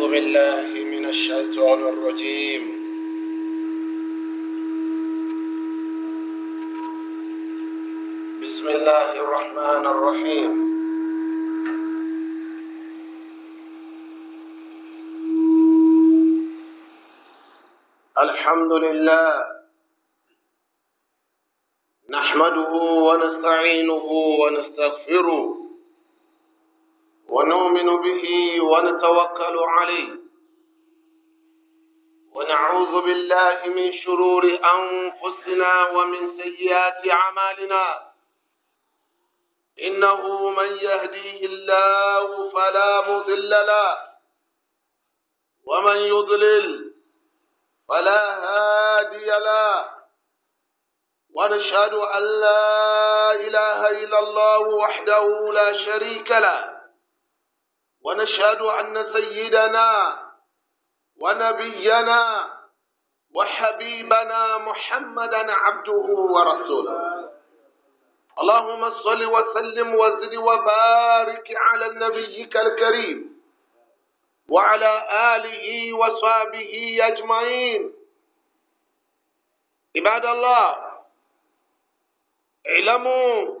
أعوذ بالله من الشيطان الرجيم بسم الله الرحمن الرحيم الحمد لله نحمده ونستعينه ونستغفره ونؤمن به ونتوكل عليه ونعوذ بالله من شرور أنفسنا ومن سيئات أعمالنا إنه من يهديه الله فلا مضل له ومن يضلل فلا هادي له ونشهد أن لا إله إلا الله وحده لا شريك له ونشهد أن سيدنا ونبينا وحبيبنا محمدا عبده ورسوله اللهم صل وسلم وزد وبارك على نبيك الكريم وعلى آله وصحبه أجمعين عباد الله اعلموا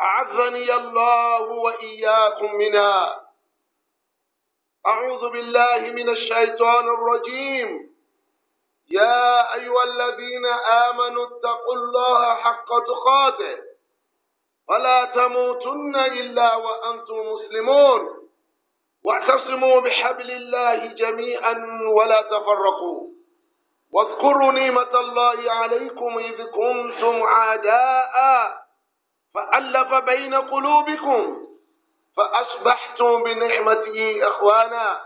أعذني الله وإياكم منها أعوذ بالله من الشيطان الرجيم يا أيها الذين آمنوا اتقوا الله حق تقاته ولا تموتن إلا وأنتم مسلمون واعتصموا بحبل الله جميعا ولا تفرقوا واذكروا نعمة الله عليكم إذ كنتم عداءً فألف بين قلوبكم فأصبحتم بنعمته إخوانا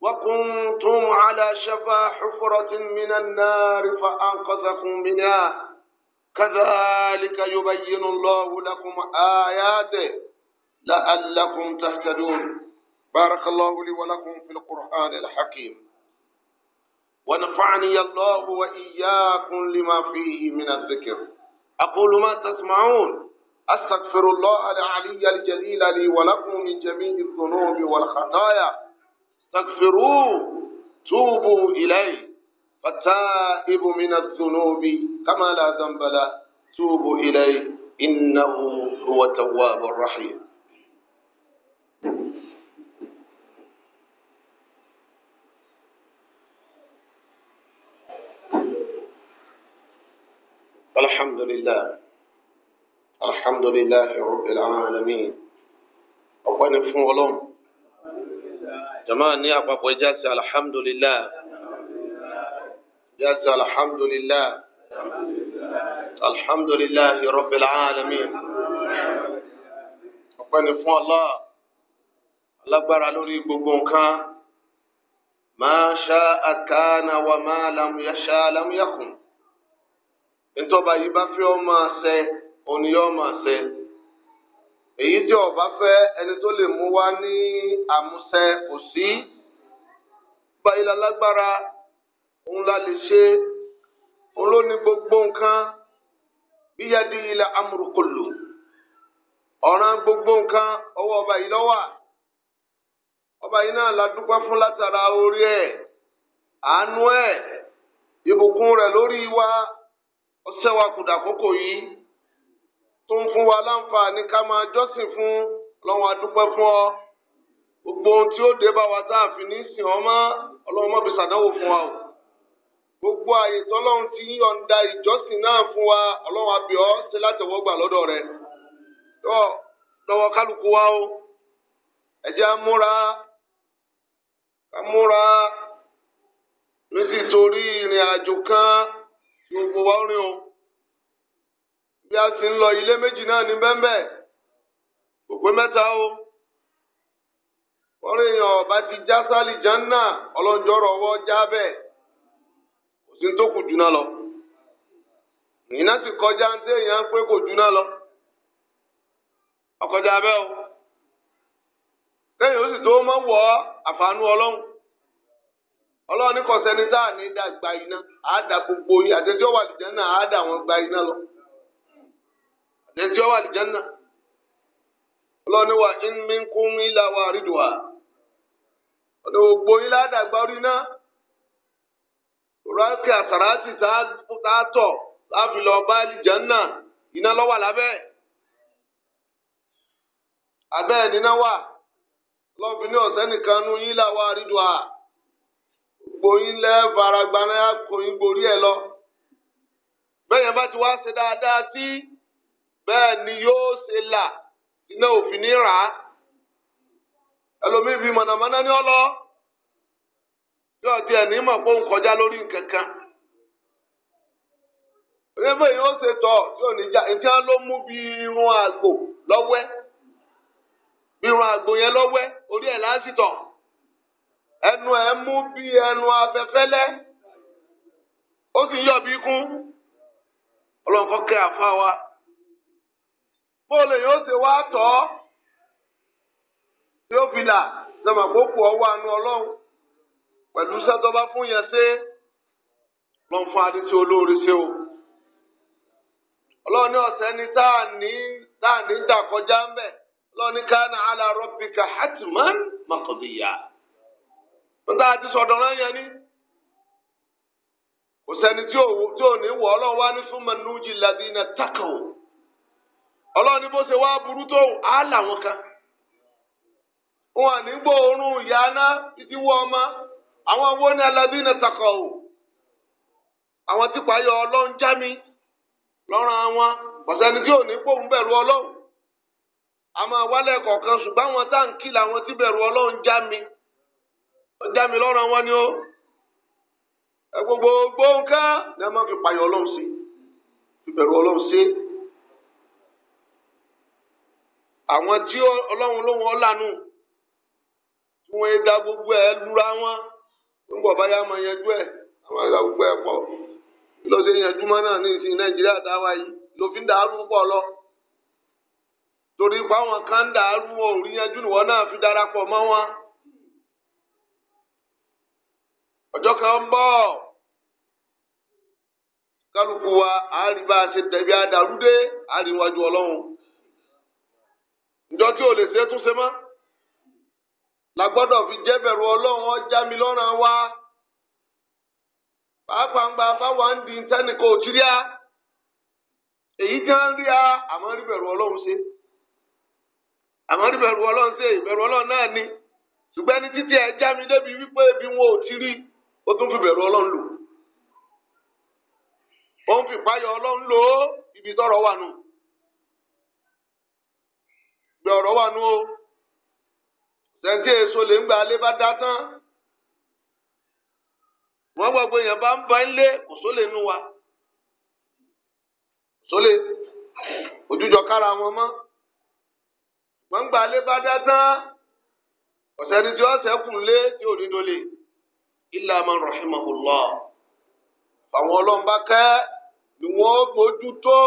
وكنتم على شفا حفرة من النار فأنقذكم منها كذلك يبين الله لكم آياته لعلكم تهتدون بارك الله لي ولكم في القرآن الحكيم ونفعني الله وإياكم لما فيه من الذكر أقول ما تسمعون أستغفر الله العلي الجليل لي ولكم من جميع الذنوب والخطايا استغفروه توبوا إليه فالتائب من الذنوب كما لا ذنب له توبوا إليه إنه هو التواب الرحيم الحمد لله alhamdulilahi rabbil alamin ọpẹ́ ni fún Ọlọ́run jama ní àpapọ̀ ẹja sí alhamdulilah ẹja sí alhamdulilah alhamdulilahi rabbil alamin ọpẹ́ ni fún Allah alágbára lórí gbogbo nǹkan ma sha'a kana wa ma lam yasha lam yakun ntọ́ba yìí bá fẹ́ ọ ṣe òní yóò máa ṣe èyí tí ọba fẹ́ ẹni tó lè mú wá ní àmúṣẹ kò sí gbayila lágbára òun la lè ṣe òun ló ní gbogbo nǹkan bíyàdí ilà amúrúkọlù ọ̀ràn gbogbo nǹkan ọwọ́ ọba yìí lọ́wà ọba yìí náà la dúpẹ́ fún látara orí ẹ̀ àánú ẹ̀ ìbùkún rẹ̀ lórí wa ọ̀sẹ̀ wa kùdà kókò yìí tó ń fún wa láǹfààní ká máa jọ́sìn fún ọlọ́run adúpẹ́ fún ọ gbogbo ohun tí ó dé bá wa tá a fi ní sìn ọ mọ́ ọlọ́run mọ́ fi fún wa o gbogbo àyè tọ́lọ́run ti yọ̀ǹda ìjọsìn náà fún wa ọlọ́run abíọ́ ṣe látẹ̀wọ́gbà lọ́dọ̀ rẹ̀ tó lọ́wọ́ kálukú wa o ẹ jẹ́ á múra ká múra nítorí ìrìn àjò kan tí gbogbo wa rìn o. bí a ti ń lọ ilé méjì náà ní bẹ́ńbẹ́ òpé mẹ́ta o wọ́n èèyàn ọba ti já sálì jánà ọlọ́njọ́rọ̀ ọwọ́ já bẹ́ẹ̀ kò sí tó kù jù náà lọ ìyìnà ti kọjá ń téèyàn pé kò jù náà lọ ọkọjá bẹ́ẹ̀ o kéèyàn ó sì tó mọ́ wọ́ àfàànú ọlọ́run ọlọ́run ní tá à ní dàgbà iná àádà gbogbo yìí wà lìjánà wọn gba iná lọ. ẹni tí wọ́n wà lìjánná wa in minkum wa wariduha ọ̀dọ̀ gbogbo yín ládàgbà orí náà rákì àsàràtì tá a láfi lọ bá lìjánná iná abẹ́ ẹ̀ níná wà lọ́ọ̀bì ní ọ̀sẹ́ nìkan nu yín là wà gbogbo yín lẹ́ kò ẹ bẹ́ẹ̀ ni yóò ṣe là iná òfin ní rà á ẹlòmíì bíi mọ̀nàmọ́ná ní ọ tí ọtí ẹ̀ ní mọ̀ fóun kọjá lórí nkankan onífẹ̀ yóò ṣe tọ̀ tí ò ní já ìtí ló mú bí irun àgbò lọ́wẹ́ bí irun àgbò yẹn lọ́wẹ́ orí ẹ̀ ẹnu ẹ̀ mú bí wa. bóòlù yóò ṣe wá tọ́ tí ó fi là sọmọ kó kú ọwọ́ àánú ọlọ́run pẹ̀lú sẹ́tọ́ba fún yẹn ṣe lọ́n fún adé tí olóore ṣe o. ọlọ́run ní ọ̀sẹ̀ ni tá ní tá ní dà kọjá ń bẹ̀ ọlọ́run ní káàna ala rabbika hatman maqdiya. níta àti sọ̀dọ̀ náà yẹn ni kò sẹ́ni tí ò ní wọ̀ ọlọ́run wá ní ọlọ́run ní bó ṣe wá burú tó á làwọn kan wọn à ní gbọ́ òórùn ìyá ná títí wọ ọmọ àwọn wo ni alábí ní takọ o àwọn tí payọ ọlọ́run já mi lọ́rùn àwọn ọ̀sẹ̀ni tí ò ní pòun bẹ̀rù ọlọ́run àmọ́ wálẹ̀ kọ̀ọ̀kan ṣùgbọ́n àwọn tá à ń tí bẹ̀rù ọlọ́run já mi já mi lọ́rùn àwọn ni ó gbogbo gbóǹkà ni a máa fi àwọn tí ọlọ́run lóhun ọ̀lànà tí wọ́n dá gbogbo ẹ̀ lura wọn ń bọ̀ báyà máa yanjú ẹ̀ àwọn ẹ̀dá gbogbo ẹ̀ pọ̀ lọ́sẹ̀ yanjú mọ́ náà ní ìsìn nàìjíríà táwa yìí lòfin dàrú pọ̀ lọ torí báwọn kan dàrú yanjú fi darapọ̀ mọ́ wọn ọjọ́ kan ń bọ̀ kálukú wa àárí bá a njọ tí o lè ṣe túnṣe mọ́ la gbọ́dọ̀ fi jẹ́ bẹ̀rù ọlọ́run ọjà mi lọ́ràn wa pàápàá ń gba báwa ń di ntẹ́nìkan ò èyí tí ń rí a àmọ́ rí bẹ̀rù ọlọ́run ṣe àmọ́ rí bẹ̀rù ọlọ́run ṣe ìbẹ̀rù ọlọ́run náà ni ṣùgbọ́n títí débi wípé gbé ọ̀rọ̀ wà nú o sẹ́ńtì èso lè ń gba alẹ́ bá dá tán wọ́n gbàgbọ́ èèyàn bá ń ba ń lé kò sólè nú wa sólè ojújọ kára wọn mọ́ wọ́n ń gba alẹ́ bá dá tán ọ̀sẹ̀ ni tí wọ́n sẹ́kùn lé tí ò ní dolè ilà man rahimahullah àwọn ọlọ́mbà kẹ́ ni wọ́n mójútó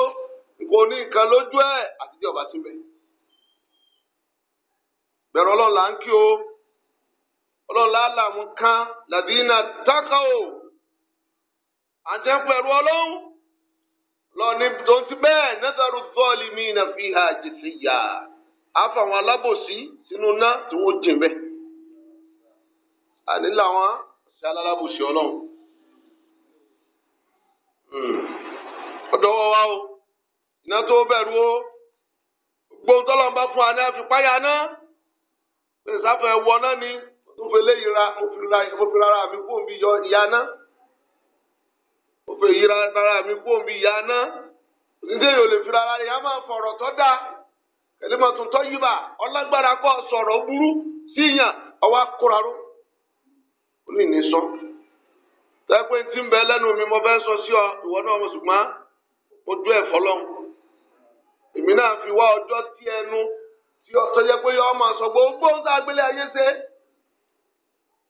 nǹkan oníkan lójú ẹ̀ àti tí ọba ti bẹ̀rẹ̀. bẹ̀rù ọlọ́run ń kí o ọlọ́run là kan là mú dákà o à ń jẹ́ pẹ̀rù lọ lọ́ọ̀ni tó ti bẹ́ẹ̀ nẹ́tàrú bọ́ọ̀lì mi nà fi hà jìtì yà á alábòsí sínú ná tí wọ́n jẹ bẹ́ẹ̀ làwọn ṣe alábòsí hmm. o iná tó bẹ̀rù o gbóhùn fún wa ní àfipáyà náà pé sáfẹ́ wọ náà ni mo fi léyìí ra mo fi rárá mi kó mi yọ ìyá náà mo fi yí rárá mi kó mi ìyá náà nígbà yóò lè fi rárá rẹ̀ yá máa fọ̀rọ̀ tọ́ da kẹlẹ́mọ̀ tuntun yìí bá ọlágbára kọ́ sọ̀rọ̀ burú síyàn ọwọ́ akóra ró ó lè ní sọ tẹ́gbẹ́ tí ń bẹ lẹ́nu mi mo fẹ́ sọ sí ọ ìwọ náà mo ṣùgbọ́n mo dún ẹ̀ fọlọ́n èmi náà fi wá ọjọ́ tí ẹnu tí ọtọ yẹ pé ọ máa sọ gbogbo ń sàgbélé ayé ṣe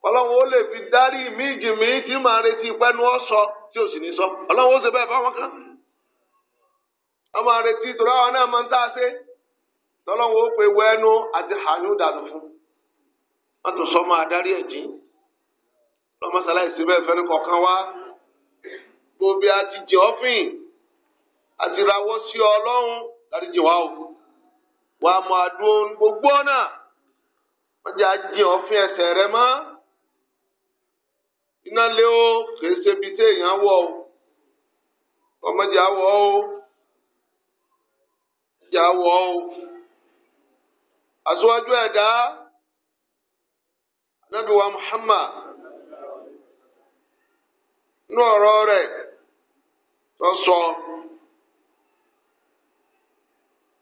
ọlọ́run ó lè fi dárí mí jì mí tí màá retí pẹ́nu ọ sọ tí ò sì ní sọ ọlọ́run ó ṣe bẹ́ẹ̀ fáwọn kan ọmọ náà máa ń tá a ṣe tọ́lọ́run ó pe wẹ́nu àti hàyún dànù fún wọn sọ máa dárí fẹ́ni kọ̀ọ̀kan wá gbòbí àti jẹ́ ọ́fìn àti sí wa á máa gbogbo ọ̀nà wọ́n jẹ́ ajé ọ̀fin ẹsẹ̀ rẹ mọ́ iná lé o kìí ṣe ibi tí èèyàn o o ìjà o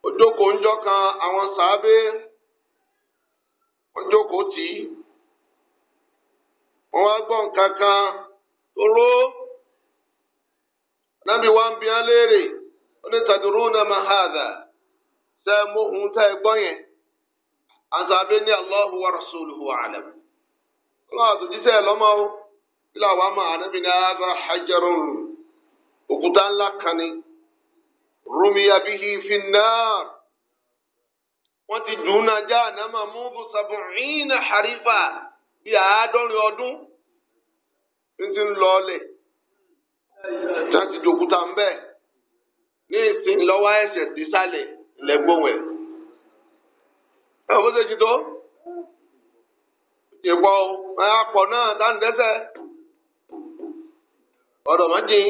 ó jókòó kan àwọn sàábé wọ́n jókòó tì wá gbọ́ nǹkan kan toró nábì wá ń bi á léèrè ó ní tadruna ma hadha tẹ́ yẹn ní wa rasuluhu a'lam na àtòjíṣẹ́ ẹ̀ lọ́mọ o kí làwọn àmọ́ ànábì ní agbára òkúta ńlá kan ni. rumiya bihi fi nnar wọ́n ti dùn náà já ànámà múbu sàbùnìínà harifa bí àádọ́rin ọdún ń ti ń lọọlẹ̀ láti dòkúta ń bẹ́ẹ̀ ní ìsìn lọ́wọ́ ẹ̀sẹ̀ dísàlẹ̀ lẹ́gbọ̀n ẹ̀. ẹ bó ṣe jí tó ìpọ̀ àpọ̀ náà dáńdẹ́sẹ̀ ọ̀dọ̀ mọ́jìn.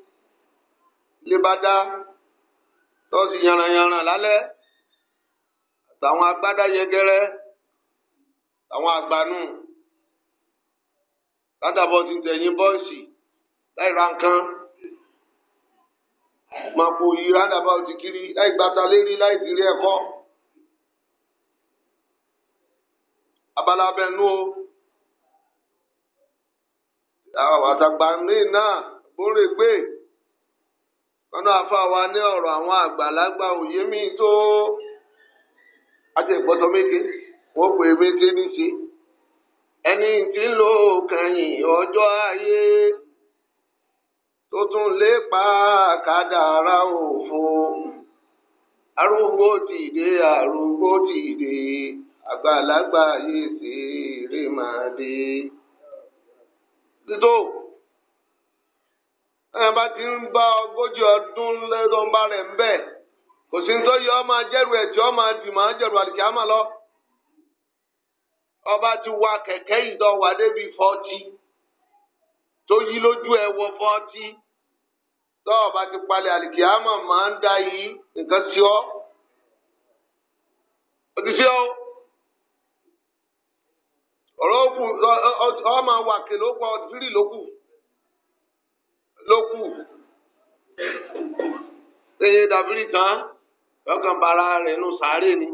lé bá dá tọ́sí yanranyanran lálẹ́ àtàwọn agbádá yẹgẹrẹ àwọn àgbànú látàbọ̀ ti tẹ̀yìn bọ́ọ̀sì láì ra nǹkan màpò yìí látàbọ̀ ti kiri láì gbàtà lérí láì tìrí ẹ̀kọ́ abala abẹnú o àtàgbà míì náà bórè gbé. lọ́nà àfáwa ní ọ̀rọ̀ àwọn àgbàlagbà òye mi tó àti ìgbọ́tọ̀ méje wọ́n pè é méje níṣe ẹni tí ń lò kẹyìn ọjọ́ ayé tó tún lépa kádàrá òfo arúgbó tìde arúgbó tìde àgbàlagbà yìí sí rèmàdé. títò. ẹ bá ti ń bá ogójì ọdún lẹ́dọ̀ bá rẹ̀ ń bẹ̀ kò sí ní tó yẹ ọ máa jẹ́rù ẹ̀ tí ọ máa àmà lọ. ọba ti wa kẹ̀kẹ́ ìdánwà débi fọ́tí tó yí lójú ẹ wọ fọ́tí ti ọ. òtítí ọ ọ̀rọ̀ òkú ọ máa wà ló kù ṣe dàbírí tán lọ́kàn bara rẹ̀ nù sáré ni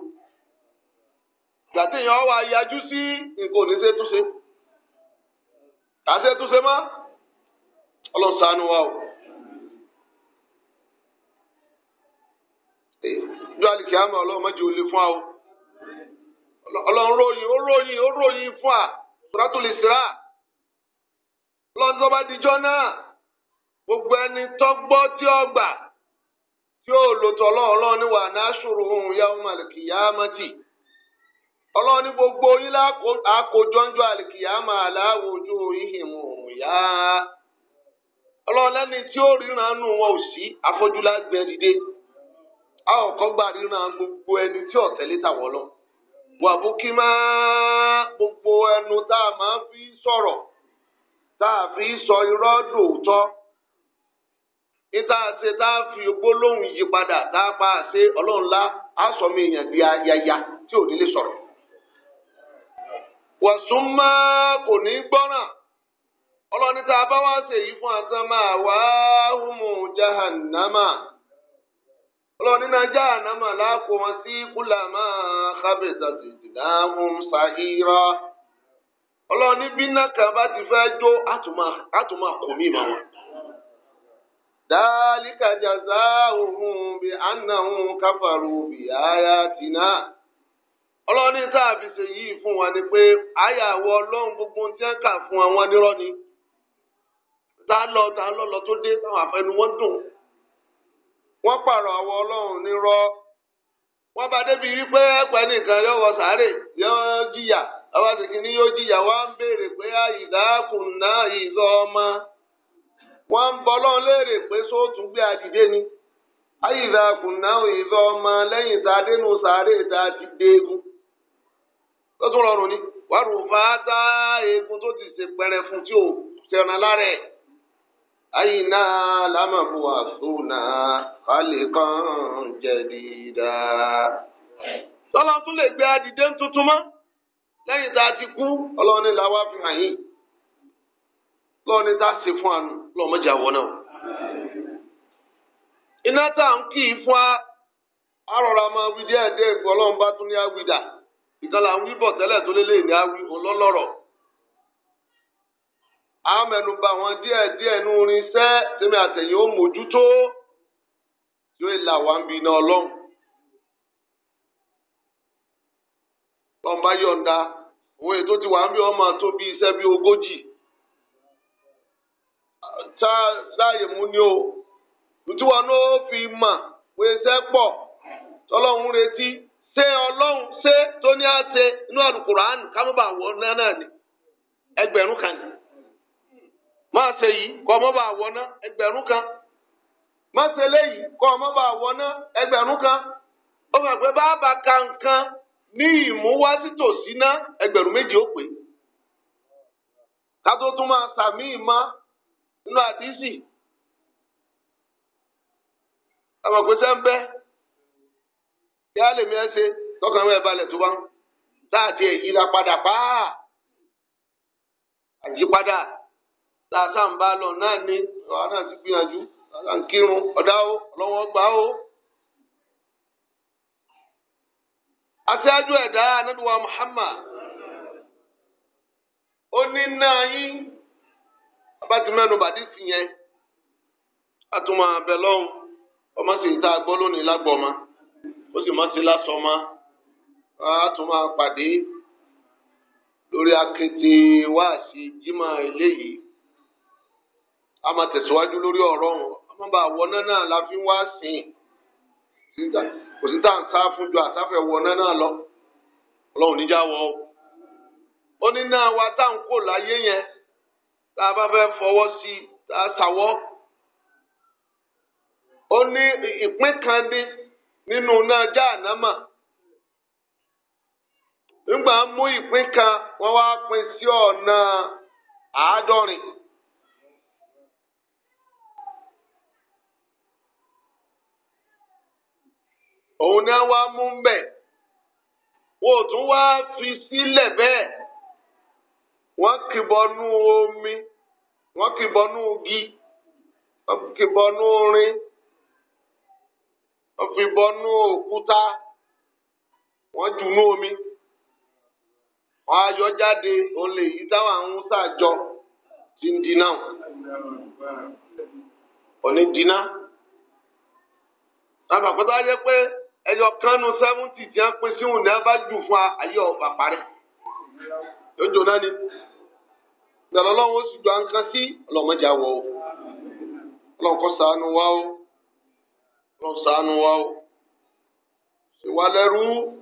gbàtíyàn wà yájú sí nǹkan oníṣe túnṣe kàṣe túnṣe mọ́ ọlọ́sàánú wa o. ìjọ àlìkíyàmọ ọlọ́run mọ́jú olè fún wa o ọlọ́run ròyìn ó ròyìn ó ròyìn fún wa sùràtúlì sírà ọlọ́run tó bá dijọ́ náà. gbogbo ẹni tó gbọ́ tí ó gbà tí ó lò tọ́ lọ́wọ́ lọ́wọ́ ní wà náà sòrò ohun ìyá ọmọ àlìkìyà mọ́tì ọlọ́wọ́ ní gbogbo yín lákòjọ́njọ́ àlìkìyà máa láàwọ̀ ojú ìhìn òun yá ọlọ́wọ́ lẹ́ni tí ó ríran wọn ò sí afọ́júlágbẹ́ dìde àwọn kan gbà ríran gbogbo ẹni tí ọ̀tẹ́lé tàwọn lọ wàbúkí máa gbogbo ẹnu tá a máa fi sọrọ tá a fi sọ irọ́ dòótọ́. ita ṣe tá fi gbólóhùn yí padà tá pa ọlọ́run ńlá a sọ mi èèyàn di ayaya tí ò sọ̀rọ̀. wọ̀sùn máa kò ní gbọ́ràn ọlọ́ni tá a bá wá ṣèyí fún àtàn máa wá hùmù jahannama ọlọ́ni náà jahannama láàkó wọn sí kúlà máa ọlọ́ni kan bá ti ذلك جزاؤهم بأنهم كفروا بآياتنا ọlọ́ni a fi ṣe yìí fún wa ni pé àyàwó ọlọ́run gbogbo fún àwọn nírọ́ ni tá lọ tá dé táwọn àfẹnu wọn dùn wọ́n ọlọ́run nírọ́ wọ́n bá débi pé ẹgbẹ́ nìkan yóò wọ sàárè yóò jìyà yóò jìyà á béèrè pé wọ́n ń bọ́ lọ́n léèrè pé gbé àdìdé ni àyíká kùnà ìzọ ọmọ lẹ́yìn tá a dénú egun tó tún rọrùn ni wàá rò fà á tá egun tó ti ṣe pẹrẹ fún tí ò ṣẹran lára kan jẹ̀dídà. tún mọ́ lẹ́yìn a ti kú ọlọ́run ni fi lọ́wọ́ ní tá a ṣe fún àánú lọ́wọ́ mọ́jà wọ náà. iná tá à ń fún a rọra máa wí díẹ̀ díẹ̀ ìgbọ́ ọlọ́run bá tún ní àwìdà ìtàn là ń wí bọ̀ tẹ́lẹ̀ tó lélẹ̀ ní àwì ọlọ́lọ́rọ̀. a mẹ́nuba wọn díẹ̀ díẹ̀ ní orin iṣẹ́ tèmi àtẹ̀yìn ó mójútó yóò là wá ń bi iná ọlọ́run. yọ̀ǹda òun ètò ti wà ń bí ọmọ tá láàyè mú ni o ìtúwọ́n náà ó fi mà pé iṣẹ́ pọ̀ tọ́lọ́hún retí ṣé ọlọ́hún ṣé tó ní àṣẹ inú àlùkùránì kámọ́bà wọ náà náà ni ẹgbẹ̀rún kan ní máa ṣe yìí kọ́ wọ náà ẹgbẹ̀rún kan máa ṣe léyìí kọ́ wọ náà ẹgbẹ̀rún kan ó pé kankan ní ìmúwásítòsí nínú àdìsí àwọn ògbésẹ́ ń bẹ́ kí á lè mi ẹ́ ṣe tọkàn mẹ́ balẹ̀ tó bá ń láti èyí la padà pàà àyípadà làásà ń bá lọ náà ni ọ̀hà náà ti gbìyànjú làásà ń kírun ọ̀dá o ọlọ́wọ́ gbà o. aṣáájú ẹ̀dá anáduwa Muhammad ó ní náà yín. bá ti mẹ́nu bàdí sí yẹn a tún máa ọmọ sì ń ta gbọ́ lónìí lágbọ́ ó sì ti lásọ ọmọ a tún pàdé lórí akéde a máa tẹ̀síwájú lórí ọ̀rọ̀ ọ̀hún ọmọ bá wọná náà la fi wá sìn kò sí tá à ń sá fún ju náà lọ ọlọ́run níjà wọ ó ní náà wa tá à tá a bá fẹ́ fọwọ́ sí i tá ninu ṣàwọ́. ó ní ìpín kan ní nínú náà jáànámà nígbà mú ìpín kan wọ́n wá pín sí ọ̀nà àádọ́rin. òun náà wá mú fi sílẹ̀ bẹ́ẹ̀. wọ́n kìbọnú omi wọ́n kìbọnú gị wọ́n kìbọnú orin wọ́n fìbọnú òkúta wọ́n jùnú omi wọ́n ayọ̀ jáde òun lè ti ń dínà òní dínà pé ẹyọ kánú sẹ́wọ́ntì ti wọ́n pín sí òun ní abájú fún ayé ọba parí gbẹ̀rọ ọlọ́run ó sì gba nǹkan sí ọlọ́mọdé àwọ̀ o ọlọ́run kó wa o ọlọ́run ṣàánú wa o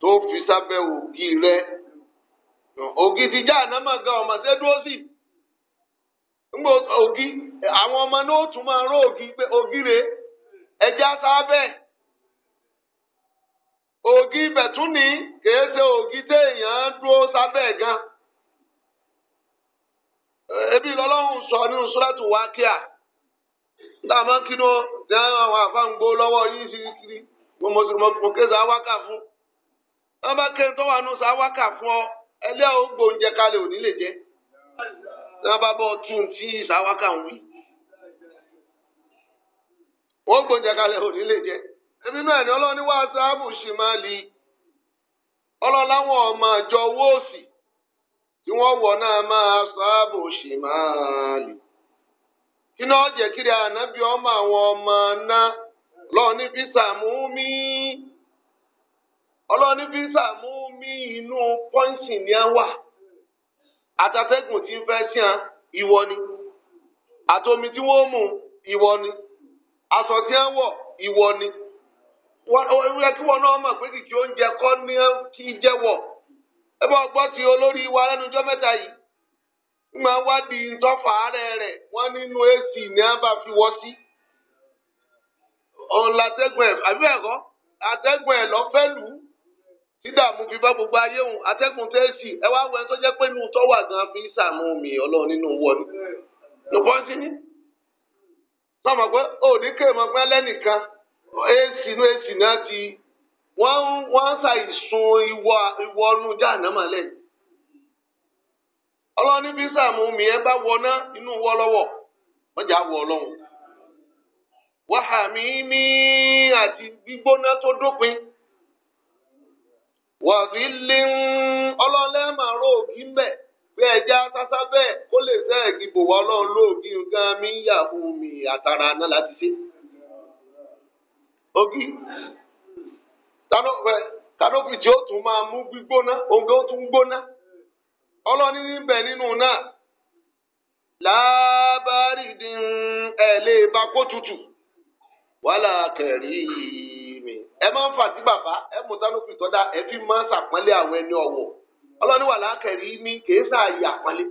tó fi sábẹ́ ògì rẹ ògì ti já àná màgá ọmọ tẹ́ dúró sí ngbọ ògì àwọn ọmọ náà ó tún máa ògì pé ògì rè ògì kèé ṣe ògì téèyàn ebi lọ́lọ́run sọ nínú sọ́lẹ́tù wá kíá tá a máa ń kínú ní àwọn àfáǹgbó lọ́wọ́ yìí sí kiri mo kéza awáka fún wọn bá kéde tó wà nù sọ awáka fún ọ ẹlẹ́ o gbóúnjẹ kalẹ̀ ò ní lè jẹ́ ní wọn bá bọ́ tún tí ìsáwáka ń wí wọn gbóúnjẹ kalẹ̀ ò ní lè jẹ́ ebi náà ni ọlọ́ni wá sábù ṣì máa li ọlọ́láwọn ọmọ àjọ wọ́ọ̀sì. tí wọ́n wọ̀ náà máa sáàbò ṣì máa lè. kí náà jẹ́ kiri ànábì ọmọ àwọn ọmọ náà lọ́ọ̀ni fi sàmú mí ọlọ́ọ̀ni fi sàmú mí inú pọ́ǹsì ní a wà àtàtẹ́gùn tí ń fẹ́ sí à ìwọ ni àtomi tí wọ́n mú ìwọ ni aṣọ tí wọ́n wọ̀ ìwọ ni wọ́n yẹ kí wọ́n náà mọ̀ pé kìkì oúnjẹ kọ́ ní kí jẹ́wọ̀. ẹ bá gbọ́ ti olórí wa lẹ́nujọ́ mẹ́ta yìí ìgbà wádìí ntọ́fàárẹ̀ rẹ̀ wọ́n nínú èsì ní a bá fi wọ́ sí ọ̀n látẹ́gbọ̀n ẹ̀ àbí ẹ̀kọ́ àtẹ́gbọ̀n ẹ̀ lọ́fẹ́lù dídààmú fi bá gbogbo ayé hùn àtẹ́gùn tẹ́ èsì ẹ wá wọ ẹ tó jẹ́ pé inú tọ́ wà gan fi sàánú mi ọlọ́run nínú wọlé lọ́pọ̀ sí ní. sọ́mọ̀ pé òní kéèmọ̀ pẹ́ lẹ́nìkan èsì inú èsì náà ti wọ́n wọ́n ṣàìsùn ìwọ ìwọ́nú jáànámà lẹ́yìn. ọlọ́ni bí sàmù mi ẹ bá wọná inú wọ́ lọ́wọ́ wọ́n jà wọ ọlọ́run. wàhámi mi àti gbígbóná tó dópin. wàbí lè ń ọlọ́lẹ́ màá rò òbí ń bẹ̀ bí ẹja sásá bẹ́ẹ̀ kó lè fẹ́ ìdìbò wa ọlọ́run lóògì nǹkan mi ń yà fún mi àtàrà náà láti ṣe. ògì. Okay. Kanopi ti o tun máa mu gbígbóná oge o tun gbona ọlọ́ni níbẹ̀ nínú náà lábàárìdín ẹ̀ lè bá kó tutù wàhálà mi ẹ máa ń fà bàbá ẹ mú tàdókì tọ́da ẹ fi máa ń sàpọ́nlé àwọn ẹni ọ̀wọ̀ ọlọ́ni wàhálà kẹrì mi kì í sààyè àpọ́nlé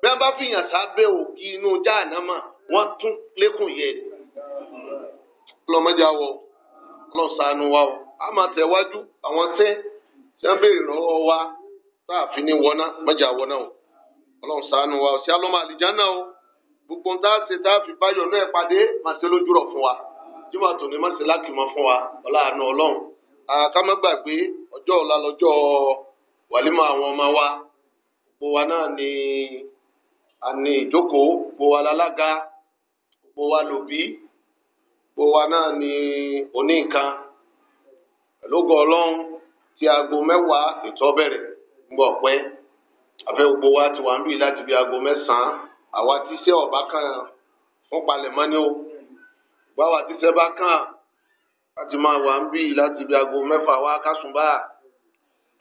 bí wọ́n bá fi yàn sábẹ́ òkì inú jáànámà wọ́n tún lékùn yẹ lọ́mọdé o. a máa tẹ̀wájú àwọn tẹ́ tí wọ́n béèrè lọ́wọ́ wa tá a fi ní wọná mẹ́jà wọná o ọlọ́run ṣàánú wa ọ̀sẹ̀ alọ́mọ àlìjáná o gbogbo ń tá a ṣe tá a fi báyọ̀ náà pàdé máa ṣe lójú rọ̀ fún wa jùmọ̀ tòní má ṣe lákìmọ̀ fún wa ọláàánú ọlọ́run ká má gbàgbé ọjọ́ ọ̀la lọ́jọ́ wàlímọ̀ àwọn ọmọ wa gbogbo wa náà ni àní ìjókòó gbogbo wa lálága gbogbo wa lòbí gbogbo wa náà ni oní nǹkan lógo ọlọ́run tí aago mẹ́wàá ètò ọbẹ̀rẹ̀ gbọ̀ pẹ́ afẹ́ gbogbo wa ti wà ń bì láti bí aago mẹ́sàn-án àwa tí iṣẹ́ ọ̀bá kan fún palẹ̀mọ́ ni o gbọ́ àwa tí iṣẹ́ bá kàn láti máa wà ń bì láti bí aago mẹ́fà wa kásùn